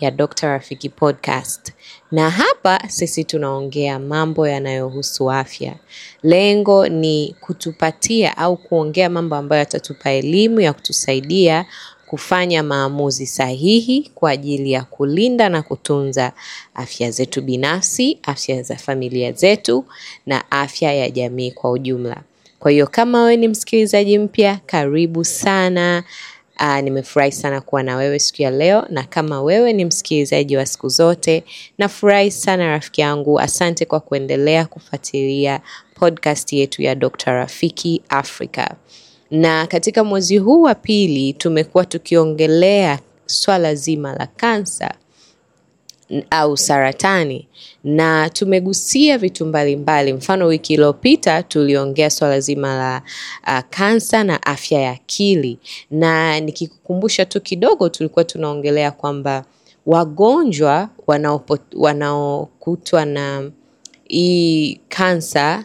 ya Dr. Rafiki Podcast, na hapa sisi tunaongea mambo yanayohusu afya. Lengo ni kutupatia au kuongea mambo ambayo yatatupa elimu ya kutusaidia kufanya maamuzi sahihi kwa ajili ya kulinda na kutunza afya zetu binafsi, afya za familia zetu na afya ya jamii kwa ujumla. Kwa hiyo kama wewe ni msikilizaji mpya, karibu sana. Uh, nimefurahi sana kuwa na wewe siku ya leo, na kama wewe ni msikilizaji wa siku zote, nafurahi sana rafiki yangu. Asante kwa kuendelea kufuatilia podcast yetu ya Dr. Rafiki Africa. Na katika mwezi huu wa pili tumekuwa tukiongelea swala zima la kansa au saratani, na tumegusia vitu mbalimbali. Mfano, wiki iliyopita tuliongea swala zima la uh, kansa na afya ya akili, na nikikukumbusha tu kidogo, tulikuwa tunaongelea kwamba wagonjwa wanaokutwa na hii kansa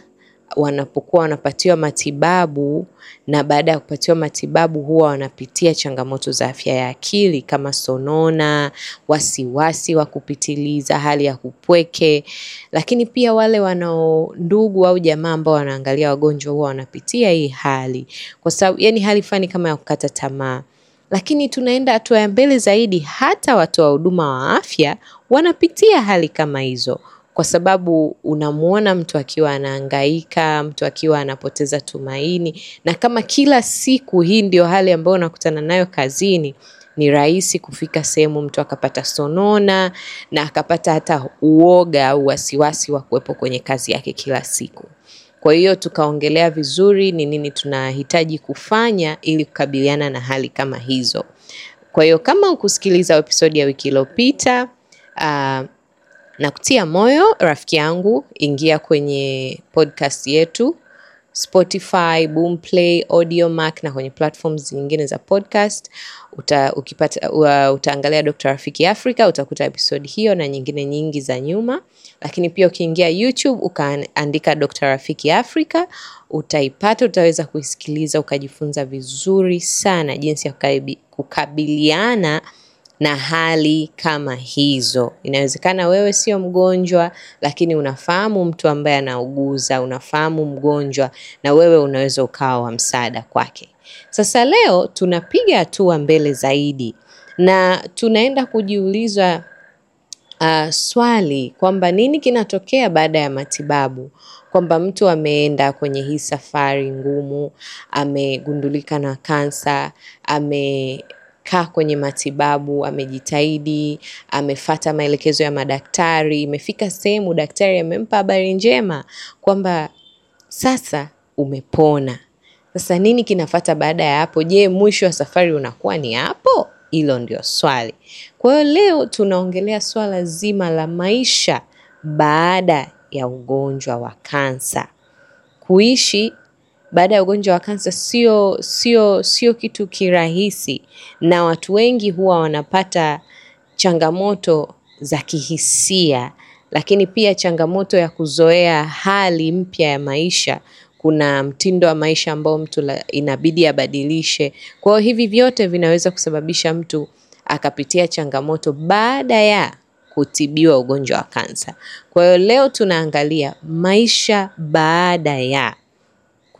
wanapokuwa wanapatiwa matibabu na baada ya kupatiwa matibabu huwa wanapitia changamoto za afya ya akili kama sonona, wasiwasi wa kupitiliza, hali ya kupweke. Lakini pia wale wanao ndugu au jamaa ambao wanaangalia wagonjwa huwa wanapitia hii hali, kwa sababu yani hali fani kama ya kukata tamaa. Lakini tunaenda hatua ya mbele zaidi, hata watoa huduma wa afya wanapitia hali kama hizo kwa sababu unamwona mtu akiwa anaangaika mtu akiwa anapoteza tumaini, na kama kila siku hii ndio hali ambayo unakutana nayo kazini, ni rahisi kufika sehemu mtu akapata sonona na akapata hata uoga au wasiwasi wa kuwepo kwenye kazi yake kila siku. Kwa hiyo tukaongelea vizuri ni nini tunahitaji kufanya ili kukabiliana na hali kama hizo. Kwa hiyo kama ukusikiliza episodi ya wiki iliyopita uh, na kutia moyo rafiki yangu, ingia kwenye podcast yetu Spotify, Boomplay, mac na kwenye platforms nyingine za podcast uta, ukipata, uh, utaangalia Dr. Rafiki Africa utakuta episode hiyo na nyingine nyingi za nyuma, lakini pia ukiingia YouTube ukaandika Dr. Rafiki Africa utaipata, utaweza kuisikiliza ukajifunza vizuri sana jinsi ya kukabiliana na hali kama hizo. Inawezekana wewe sio mgonjwa, lakini unafahamu mtu ambaye anauguza, unafahamu mgonjwa, na wewe unaweza ukawa wa msaada kwake. Sasa leo tunapiga hatua mbele zaidi na tunaenda kujiuliza uh, swali kwamba nini kinatokea baada ya matibabu, kwamba mtu ameenda kwenye hii safari ngumu, amegundulika na kansa, ame amekaa kwenye matibabu, amejitahidi, amefata maelekezo ya madaktari, imefika sehemu daktari amempa habari njema kwamba sasa umepona. Sasa nini kinafata baada ya hapo? Je, mwisho wa safari unakuwa ni hapo? Hilo ndio swali. Kwa hiyo leo tunaongelea swala zima la maisha baada ya ugonjwa wa kansa, kuishi baada ya ugonjwa wa kansa sio sio sio kitu kirahisi, na watu wengi huwa wanapata changamoto za kihisia, lakini pia changamoto ya kuzoea hali mpya ya maisha. Kuna mtindo wa maisha ambao mtu la, inabidi abadilishe. Kwa hiyo hivi vyote vinaweza kusababisha mtu akapitia changamoto baada ya kutibiwa ugonjwa wa kansa. Kwa hiyo leo tunaangalia maisha baada ya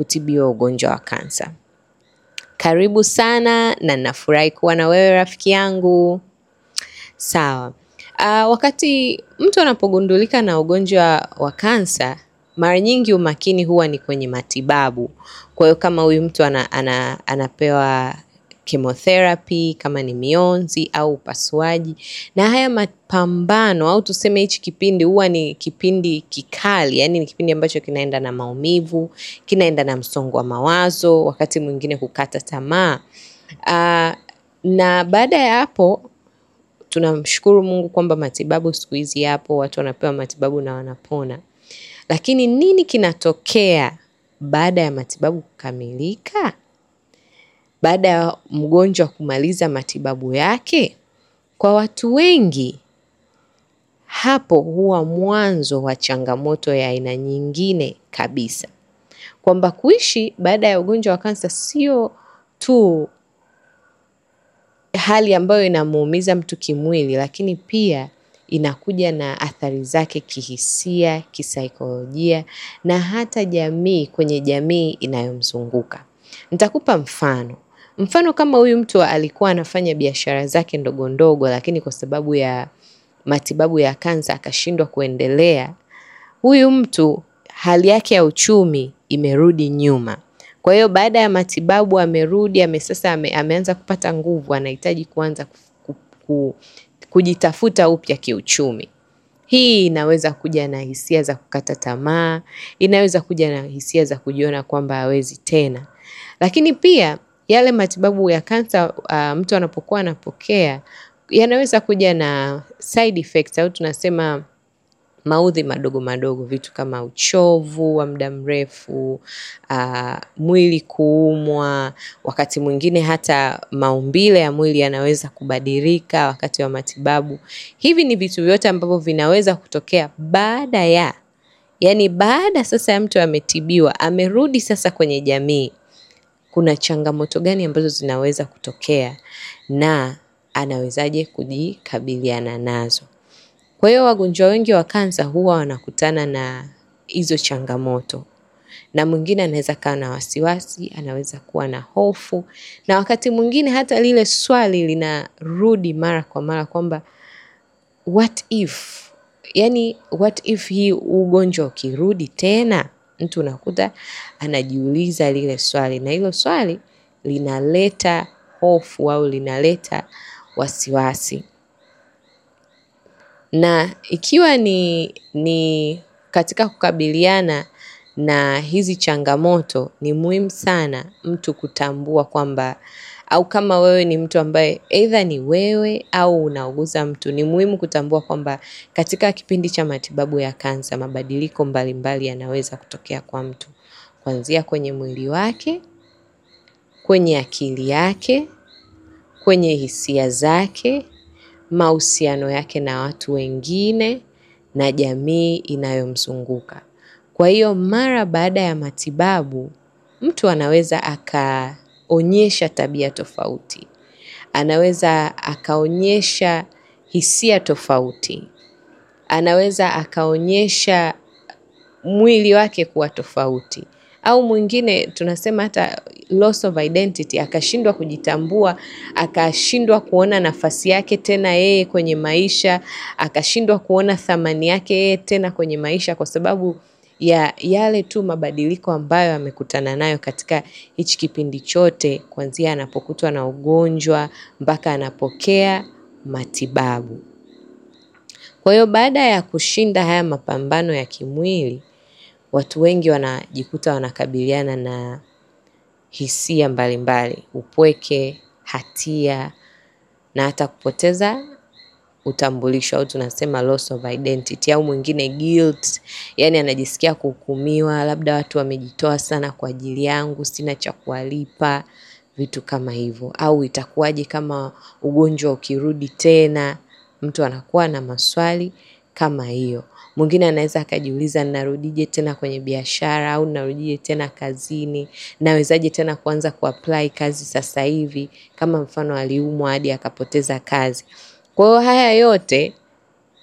kutibiwa ugonjwa wa kansa. Karibu sana na nafurahi kuwa na wewe rafiki yangu. Sawa. Uh, wakati mtu anapogundulika na ugonjwa wa kansa, mara nyingi umakini huwa ni kwenye matibabu. Kwa hiyo kama huyu mtu ana, ana, anapewa chemotherapy, kama ni mionzi au upasuaji. Na haya mapambano au tuseme hichi kipindi huwa ni kipindi kikali, yani ni kipindi ambacho kinaenda na maumivu, kinaenda na msongo wa mawazo, wakati mwingine kukata tamaa. Uh, na baada ya hapo tunamshukuru Mungu kwamba matibabu siku hizi yapo, watu wanapewa matibabu na wanapona. Lakini nini kinatokea baada ya matibabu kukamilika? baada ya mgonjwa kumaliza matibabu yake? Kwa watu wengi, hapo huwa mwanzo wa changamoto ya aina nyingine kabisa, kwamba kuishi baada ya ugonjwa wa kansa sio tu hali ambayo inamuumiza mtu kimwili, lakini pia inakuja na athari zake kihisia, kisaikolojia na hata jamii, kwenye jamii inayomzunguka. Nitakupa mfano. Mfano kama huyu mtu alikuwa anafanya biashara zake ndogo ndogo, lakini kwa sababu ya matibabu ya kansa akashindwa kuendelea, huyu mtu hali yake ya uchumi imerudi nyuma. Kwa hiyo baada ya matibabu amerudi ame, sasa ame, ameanza kupata nguvu, anahitaji kuanza kujitafuta upya kiuchumi. Hii inaweza kuja na hisia za kukata tamaa, inaweza kuja na hisia za kujiona kwamba hawezi tena, lakini pia yale matibabu ya kansa uh, mtu anapokuwa anapokea yanaweza kuja na side effects au tunasema maudhi madogo madogo, vitu kama uchovu wa muda mrefu, uh, mwili kuumwa, wakati mwingine hata maumbile ya mwili yanaweza kubadilika wakati wa matibabu. Hivi ni vitu vyote ambavyo vinaweza kutokea baada ya, yani baada sasa ya mtu ametibiwa, amerudi sasa kwenye jamii kuna changamoto gani ambazo zinaweza kutokea na anawezaje kujikabiliana nazo. Kwa hiyo wagonjwa wengi wa kansa huwa wanakutana na hizo changamoto, na mwingine anaweza kawa na wasiwasi, anaweza kuwa na hofu, na wakati mwingine hata lile swali linarudi mara kwa mara kwamba what if, yani what if hii ugonjwa ukirudi tena mtu unakuta anajiuliza lile swali, na hilo swali linaleta hofu au linaleta wasiwasi. Na ikiwa ni, ni katika kukabiliana na hizi changamoto, ni muhimu sana mtu kutambua kwamba au kama wewe ni mtu ambaye eidha ni wewe au unauguza mtu, ni muhimu kutambua kwamba katika kipindi cha matibabu ya kansa mabadiliko mbalimbali yanaweza kutokea kwa mtu, kuanzia kwenye mwili wake, kwenye akili yake, kwenye hisia zake, mahusiano yake na watu wengine na jamii inayomzunguka. Kwa hiyo mara baada ya matibabu mtu anaweza aka onyesha tabia tofauti, anaweza akaonyesha hisia tofauti, anaweza akaonyesha mwili wake kuwa tofauti, au mwingine tunasema hata loss of identity, akashindwa kujitambua, akashindwa kuona nafasi yake tena yeye kwenye maisha, akashindwa kuona thamani yake yeye tena kwenye maisha kwa sababu ya yale tu mabadiliko ambayo amekutana nayo katika hichi kipindi chote, kuanzia anapokutwa na ugonjwa mpaka anapokea matibabu. Kwa hiyo baada ya kushinda haya mapambano ya kimwili, watu wengi wanajikuta wanakabiliana na hisia mbalimbali mbali, upweke, hatia na hata kupoteza utambulisho au tunasema loss of identity, au mwingine guilt, yani anajisikia kuhukumiwa, labda watu wamejitoa sana kwa ajili yangu, sina cha kuwalipa, vitu kama hivyo. Au itakuwaje kama ugonjwa ukirudi tena? Mtu anakuwa na maswali kama hiyo. Mwingine anaweza akajiuliza, ninarudije tena kwenye biashara au ninarudije tena kazini? Nawezaje tena kuanza kuapply kazi sasa hivi? Kama mfano aliumwa hadi akapoteza kazi. Kwa hiyo haya yote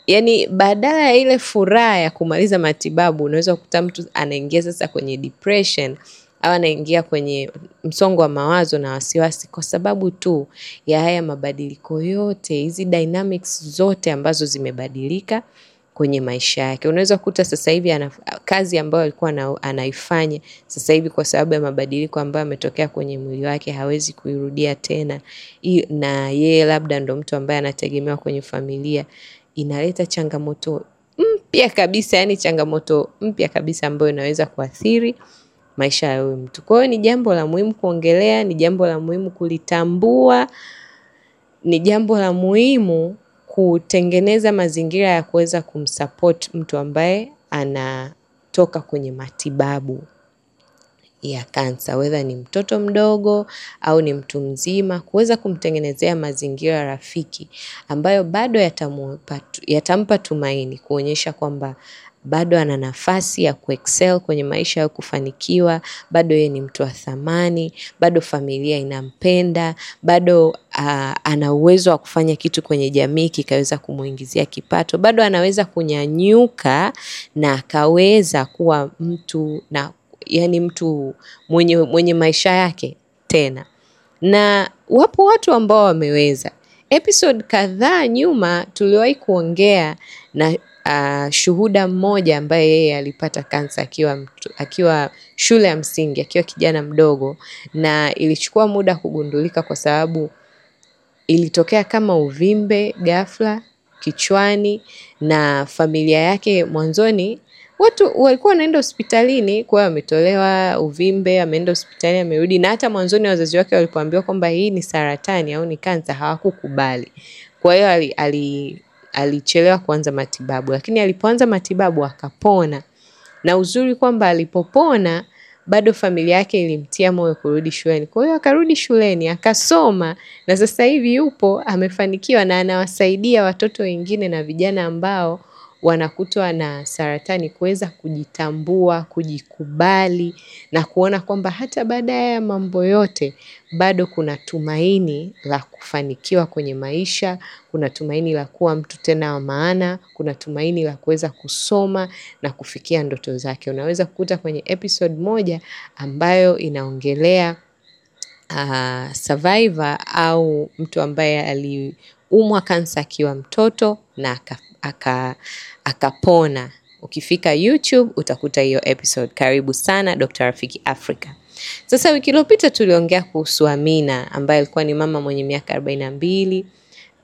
yani, badala ya ile furaha ya kumaliza matibabu, unaweza kukuta mtu anaingia sasa kwenye depression au anaingia kwenye msongo wa mawazo na wasiwasi, kwa sababu tu ya haya mabadiliko yote, hizi dynamics zote ambazo zimebadilika kwenye maisha yake. Unaweza kukuta sasa hivi ana kazi ambayo alikuwa anaifanya sasa hivi, kwa sababu ya mabadiliko ambayo ametokea kwenye mwili wake, hawezi kuirudia tena, na yeye labda ndo mtu ambaye anategemewa kwenye familia. Inaleta changamoto mpya kabisa, yani changamoto mpya kabisa ambayo inaweza kuathiri maisha ya huyu mtu. Kwa hiyo ni jambo la muhimu kuongelea, ni jambo la muhimu kulitambua, ni jambo la muhimu kutengeneza mazingira ya kuweza kumsupport mtu ambaye anatoka kwenye matibabu ya kansa, wedha ni mtoto mdogo au ni mtu mzima, kuweza kumtengenezea mazingira rafiki ambayo bado yatampa tumaini, kuonyesha kwamba bado ana nafasi ya kuexcel kwenye maisha ya kufanikiwa, bado yeye ni mtu wa thamani, bado familia inampenda, bado uh, ana uwezo wa kufanya kitu kwenye jamii kikaweza kumuingizia kipato, bado anaweza kunyanyuka na akaweza kuwa mtu na yani mtu mwenye, mwenye maisha yake tena. Na wapo watu ambao wameweza. Episode kadhaa nyuma tuliwahi kuongea na uh, shuhuda mmoja ambaye yeye alipata kansa akiwa, akiwa shule ya msingi akiwa kijana mdogo, na ilichukua muda kugundulika kwa sababu ilitokea kama uvimbe ghafla kichwani, na familia yake mwanzoni watu walikuwa wanaenda hospitalini kwa ametolewa uvimbe, ameenda hospitali, amerudi. Na hata mwanzoni wazazi wake walipoambiwa kwamba hii ni saratani au ni kansa hawakukubali. Kwa hiyo ali, ali alichelewa kuanza matibabu, lakini alipoanza matibabu akapona, na uzuri kwamba alipopona bado familia yake ilimtia moyo kurudi shuleni. Kwa hiyo akarudi shuleni akasoma, na sasa hivi yupo amefanikiwa na anawasaidia watoto wengine na vijana ambao wanakutwa na saratani, kuweza kujitambua, kujikubali na kuona kwamba hata baada ya mambo yote bado kuna tumaini la kufanikiwa kwenye maisha, kuna tumaini la kuwa mtu tena wa maana, kuna tumaini la kuweza kusoma na kufikia ndoto zake. Unaweza kukuta kwenye episode moja ambayo inaongelea Uh, survivor au mtu ambaye ali akaumwa kansa akiwa mtoto na akapona aka, aka ukifika YouTube utakuta hiyo episode. Karibu sana Dr. Rafiki Africa. Sasa wiki iliyopita tuliongea kuhusu Amina ambaye alikuwa ni mama mwenye miaka arobaini na mbili.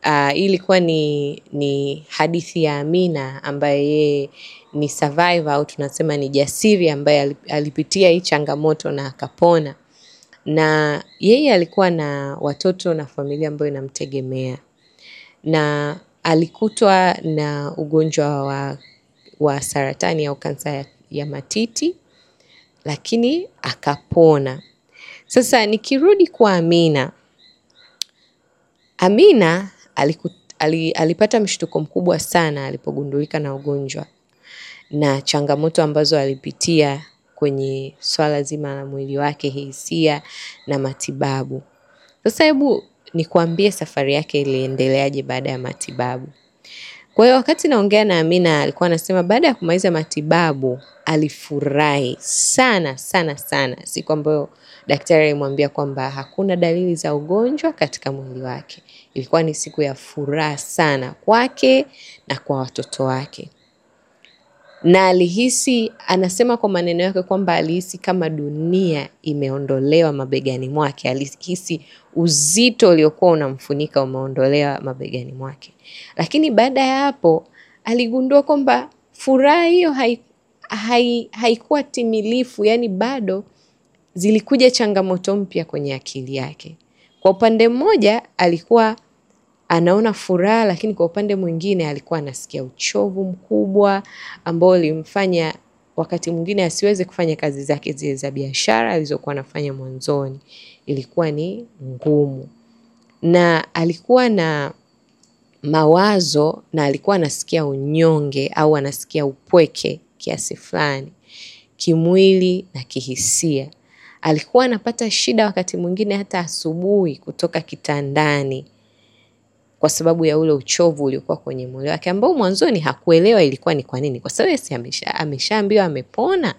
Uh, ilikuwa ni, ni hadithi ya Amina ambaye yeye ni survivor au tunasema ni jasiri ambaye alipitia hii changamoto na akapona, na yeye alikuwa na watoto na familia ambayo inamtegemea na alikutwa na ugonjwa wa, wa saratani au kansa ya, ya matiti lakini akapona. Sasa nikirudi kwa Amina, Amina aliku, ali, alipata mshtuko mkubwa sana alipogundulika na ugonjwa na changamoto ambazo alipitia kwenye swala zima la mwili wake, hisia na matibabu. Sasa hebu nikuambie safari yake iliendeleaje baada ya matibabu. Kwa hiyo wakati naongea na Amina alikuwa anasema baada ya kumaliza matibabu alifurahi sana sana sana, siku ambayo daktari alimwambia kwamba hakuna dalili za ugonjwa katika mwili wake. Ilikuwa ni siku ya furaha sana kwake na kwa watoto wake na alihisi, anasema kwa maneno yake kwamba alihisi kama dunia imeondolewa mabegani mwake. Alihisi uzito uliokuwa unamfunika umeondolewa mabegani mwake, lakini baada ya hapo aligundua kwamba furaha hiyo haikuwa hai, timilifu, yaani bado zilikuja changamoto mpya kwenye akili yake. Kwa upande mmoja alikuwa anaona furaha, lakini kwa upande mwingine alikuwa anasikia uchovu mkubwa ambao ulimfanya wakati mwingine asiweze kufanya kazi zake zile za biashara alizokuwa anafanya mwanzoni, ilikuwa ni ngumu, na alikuwa na mawazo na alikuwa anasikia unyonge au anasikia upweke kiasi fulani kimwili na kihisia. Alikuwa anapata shida wakati mwingine hata asubuhi kutoka kitandani, kwa sababu ya ule uchovu uliokuwa kwenye mwili wake ambao mwanzoni hakuelewa ilikuwa ni kwa nini, kwa sababu si amesha amepona,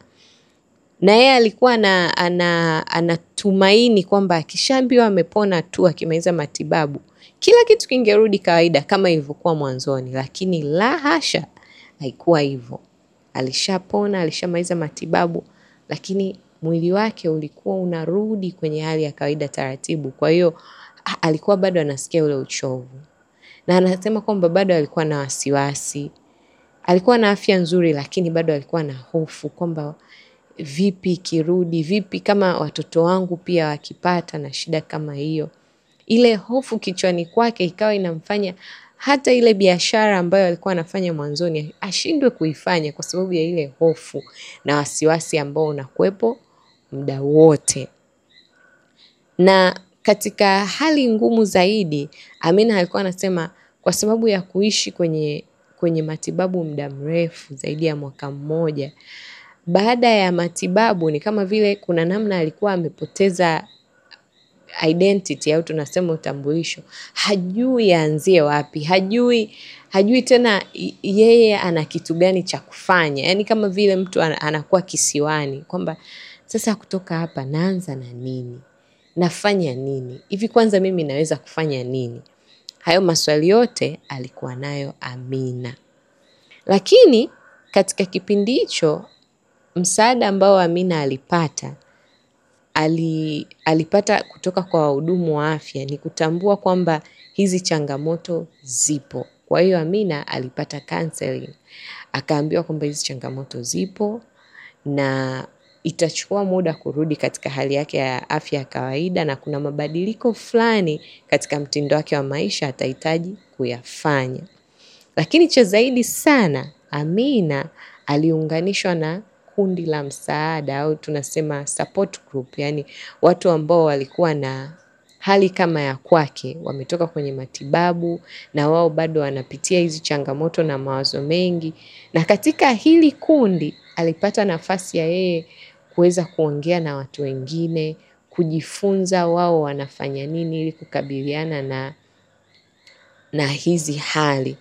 na yeye alikuwa na, ana kwamba akishaambiwa amepona tu akimaliza matibabu kila kitu kingerudi kawaida kama ilivyokuwa mwanzoni, lakini la hasha, haikuwa hivyo. Alishapona, alishamaliza matibabu, lakini mwili wake ulikuwa unarudi kwenye hali ya kawaida taratibu. Kwa hiyo alikuwa bado anasikia ule uchovu na anasema kwamba bado alikuwa na wasiwasi. Alikuwa na afya nzuri, lakini bado alikuwa na hofu kwamba vipi kirudi, vipi kama watoto wangu pia wakipata na shida kama hiyo. Ile hofu kichwani kwake ikawa inamfanya hata ile biashara ambayo alikuwa anafanya mwanzoni ashindwe kuifanya kwa sababu ya ile hofu na wasiwasi ambao unakuwepo muda wote. Na katika hali ngumu zaidi, Amina alikuwa anasema kwa sababu ya kuishi kwenye, kwenye matibabu muda mrefu zaidi ya mwaka mmoja, baada ya matibabu ni kama vile kuna namna alikuwa amepoteza identity au tunasema utambulisho, hajui aanzie wapi, hajui hajui tena yeye ana kitu gani cha kufanya. Yaani kama vile mtu anakuwa kisiwani kwamba sasa kutoka hapa naanza na nini? nafanya nini hivi, kwanza mimi naweza kufanya nini? Hayo maswali yote alikuwa nayo Amina, lakini katika kipindi hicho msaada ambao Amina alipata ali, alipata kutoka kwa wahudumu wa afya ni kutambua kwamba hizi changamoto zipo. Kwa hiyo Amina alipata counseling, akaambiwa kwamba hizi changamoto zipo na itachukua muda kurudi katika hali yake ya afya ya kawaida, na kuna mabadiliko fulani katika mtindo wake wa maisha atahitaji kuyafanya. Lakini cha zaidi sana, Amina aliunganishwa na kundi la msaada au tunasema support group, yani watu ambao walikuwa na hali kama ya kwake, wametoka kwenye matibabu na wao bado wanapitia hizi changamoto na mawazo mengi, na katika hili kundi alipata nafasi ya yeye kuweza kuongea na watu wengine, kujifunza wao wanafanya nini ili kukabiliana na, na hizi hali,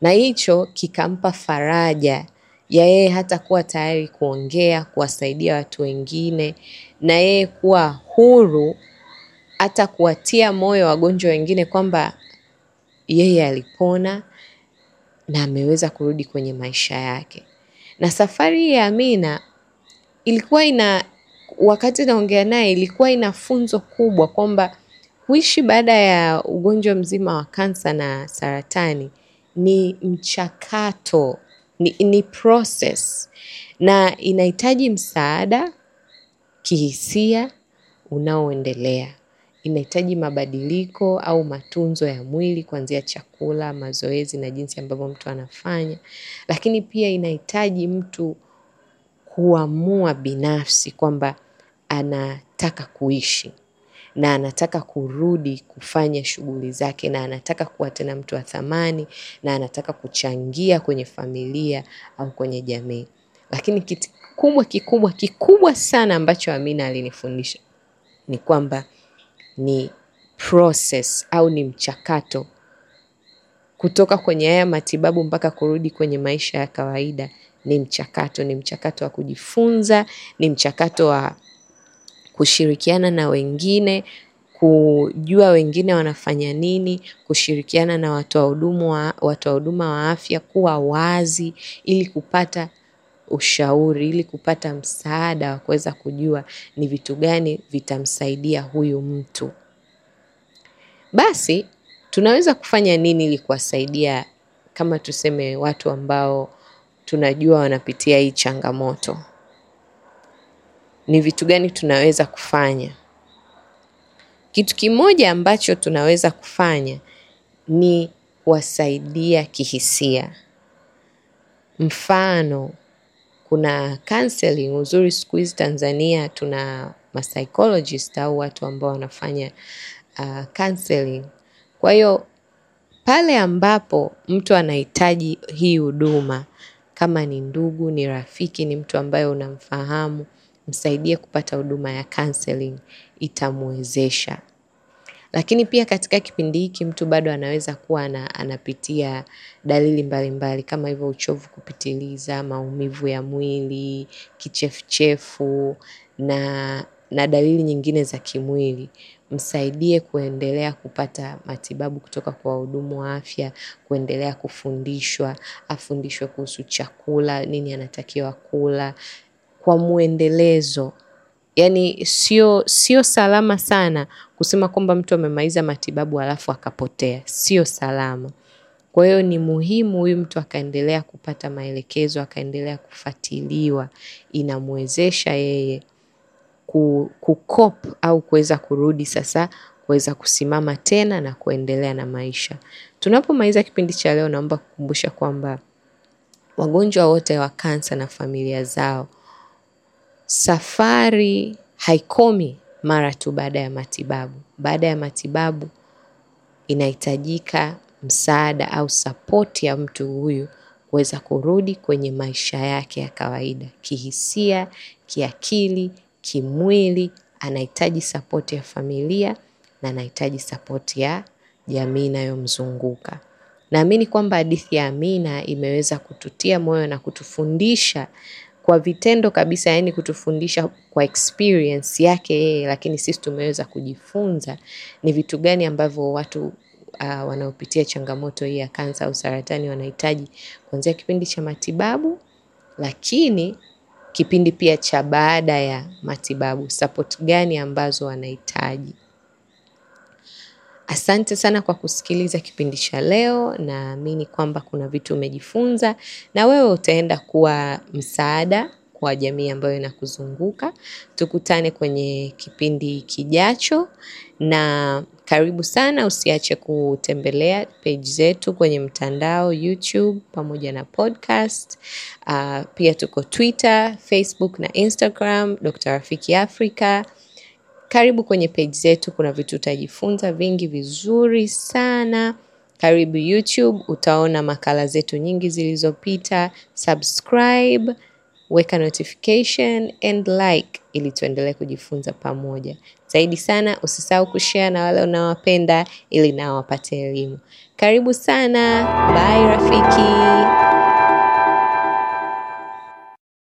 na hicho kikampa faraja ya yeye hata kuwa tayari kuongea, kuwasaidia watu wengine, na yeye kuwa huru hata kuwatia moyo wagonjwa wengine kwamba yeye alipona na ameweza kurudi kwenye maisha yake. Na safari ya Amina ilikuwa ina wakati naongea naye ilikuwa ina funzo kubwa kwamba kuishi baada ya ugonjwa mzima wa kansa na saratani ni mchakato, ni, ni process na inahitaji msaada kihisia unaoendelea. Inahitaji mabadiliko au matunzo ya mwili kuanzia chakula, mazoezi na jinsi ambavyo mtu anafanya, lakini pia inahitaji mtu huamua binafsi kwamba anataka kuishi na anataka kurudi kufanya shughuli zake na anataka kuwa tena mtu wa thamani na anataka kuchangia kwenye familia au kwenye jamii. Lakini kitu kubwa kikubwa kikubwa sana ambacho Amina alinifundisha ni kwamba ni process au ni mchakato kutoka kwenye haya matibabu mpaka kurudi kwenye maisha ya kawaida ni mchakato, ni mchakato wa kujifunza, ni mchakato wa kushirikiana na wengine, kujua wengine wanafanya nini, kushirikiana na watoa huduma wa afya, kuwa wazi ili kupata ushauri, ili kupata msaada wa kuweza kujua ni vitu gani vitamsaidia huyu mtu. Basi tunaweza kufanya nini ili kuwasaidia kama tuseme watu ambao tunajua wanapitia hii changamoto, ni vitu gani tunaweza kufanya. Kitu kimoja ambacho tunaweza kufanya ni kuwasaidia kihisia. Mfano, kuna counseling. Uzuri siku hizi Tanzania tuna psychologist au watu ambao wanafanya uh, counseling. Kwa hiyo pale ambapo mtu anahitaji hii huduma kama ni ndugu, ni rafiki, ni mtu ambaye unamfahamu, msaidie kupata huduma ya counseling, itamwezesha. Lakini pia katika kipindi hiki mtu bado anaweza kuwa na, anapitia dalili mbalimbali mbali, kama hivyo uchovu kupitiliza, maumivu ya mwili, kichefuchefu na na dalili nyingine za kimwili msaidie kuendelea kupata matibabu kutoka kwa wahudumu wa afya, kuendelea kufundishwa, afundishwe kuhusu chakula, nini anatakiwa kula kwa mwendelezo. yani sio sio salama sana kusema kwamba mtu amemaliza matibabu alafu akapotea, sio salama. Kwa hiyo ni muhimu huyu mtu akaendelea kupata maelekezo, akaendelea kufuatiliwa, inamwezesha yeye kukop au kuweza kurudi sasa kuweza kusimama tena na kuendelea na maisha. Tunapomaliza kipindi cha leo, naomba kukumbusha kwamba wagonjwa wote wa kansa na familia zao, safari haikomi mara tu baada ya matibabu. Baada ya matibabu inahitajika msaada au sapoti ya mtu huyu kuweza kurudi kwenye maisha yake ya kawaida, kihisia, kiakili kimwili, anahitaji sapoti ya familia na anahitaji sapoti ya jamii inayomzunguka. Naamini kwamba hadithi ya Amina imeweza kututia moyo na kutufundisha kwa vitendo kabisa, yani kutufundisha kwa experience yake yeye, lakini sisi tumeweza kujifunza ni vitu gani ambavyo watu uh, wanaopitia changamoto hii ya kansa au saratani wanahitaji kuanzia kipindi cha matibabu, lakini kipindi pia cha baada ya matibabu, support gani ambazo wanahitaji. Asante sana kwa kusikiliza kipindi cha leo. Naamini kwamba kuna vitu umejifunza na wewe utaenda kuwa msaada wa jamii ambayo inakuzunguka. Tukutane kwenye kipindi kijacho, na karibu sana. Usiache kutembelea page zetu kwenye mtandao YouTube pamoja na podcast. Uh, pia tuko Twitter, Facebook na Instagram, Dr. Rafiki Africa. Karibu kwenye page zetu, kuna vitu utajifunza vingi vizuri sana. Karibu YouTube, utaona makala zetu nyingi zilizopita. Subscribe weka notification and like ili tuendelee kujifunza pamoja zaidi sana. Usisahau kushare na wale unaowapenda ili nao wapate elimu. Karibu sana. Bye rafiki.